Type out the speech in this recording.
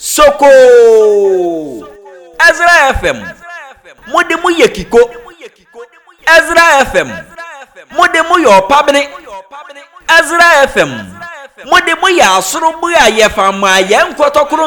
soko ezra fm mo de mo yɛ kiko ezra fm mo de mo yɛ ɔpabene ezra fm mo de mo yɛ asorobu a yɛfa maa yɛn nkɔtɔkoro